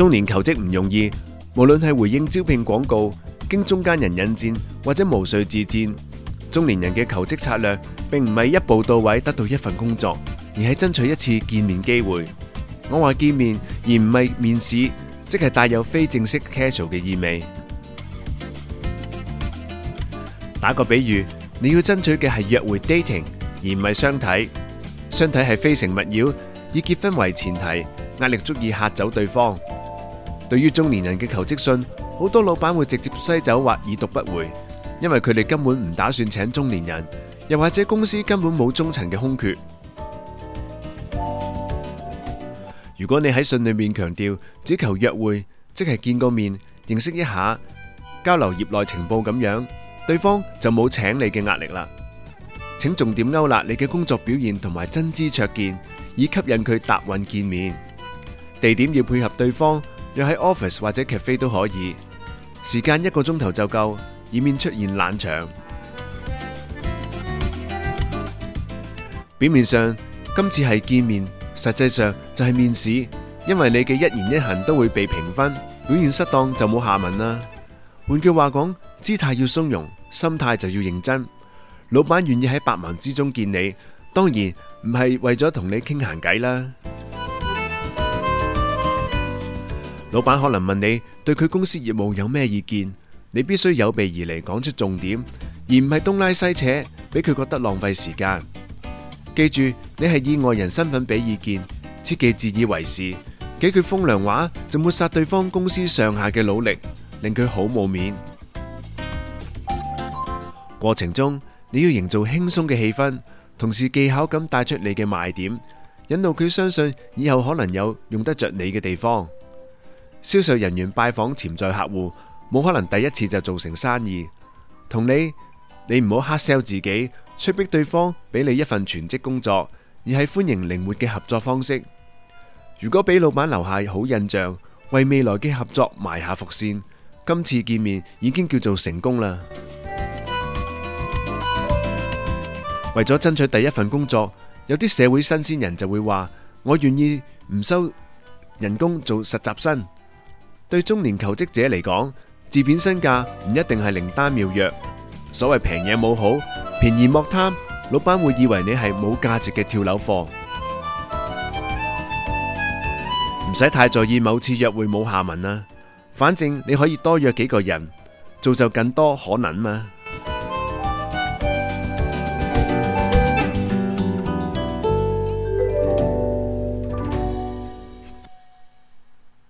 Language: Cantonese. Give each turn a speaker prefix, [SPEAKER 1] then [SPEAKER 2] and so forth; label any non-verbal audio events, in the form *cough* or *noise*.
[SPEAKER 1] 中年求職唔容易，無論係回應招聘廣告、經中間人引薦或者毛遂自薦，中年人嘅求職策略並唔係一步到位得到一份工作，而係爭取一次見面機會。我話見面而唔係面試，即係帶有非正式 casual 嘅意味。打個比喻，你要爭取嘅係約會 dating 而唔係相睇，相睇係非誠勿擾，以結婚為前提，壓力足以嚇走對方。對於中年人嘅求職信，好多老闆會直接篩走或已讀不回，因為佢哋根本唔打算請中年人，又或者公司根本冇中層嘅空缺。如果你喺信裏面強調只求約會，即係見個面認識一下，交流業內情報咁樣，對方就冇請你嘅壓力啦。請重點勾勒你嘅工作表現同埋真知灼見，以吸引佢答允見面。地點要配合對方。若喺 office 或者 cafe 都可以，時間一個鐘頭就夠，以免出現冷場。表面上今次係見面，實際上就係面試，因為你嘅一言一行都會被評分，表現失當就冇下文啦。換句話講，姿態要從容，心態就要認真。老闆願意喺百忙之中見你，當然唔係為咗同你傾閒偈啦。老闆可能問你對佢公司業務有咩意見，你必須有備而嚟講出重點，而唔係東拉西扯，俾佢覺得浪費時間。記住，你係以外人身份俾意見，切忌自以為是，幾句風涼話就抹殺對方公司上下嘅努力，令佢好冇面。過程中你要營造輕鬆嘅氣氛，同時技巧咁帶出你嘅賣點，引導佢相信以後可能有用得着你嘅地方。銷售人員拜訪潛在客戶，冇可能第一次就做成生意。同理，你唔好黑 sell 自己，催逼對方俾你一份全職工作，而係歡迎靈活嘅合作方式。如果俾老闆留下好印象，為未來嘅合作埋下伏線，今次見面已經叫做成功啦。 *music* 為咗爭取第一份工作，有啲社會新鮮人就會話：我願意唔收人工做實習生。對中年求職者嚟講，自貶身價唔一定係靈丹妙藥。所謂平嘢冇好，便宜莫貪，老闆會以為你係冇價值嘅跳樓貨。唔使太在意某次約會冇下文啦，反正你可以多約幾個人，造就更多可能嘛。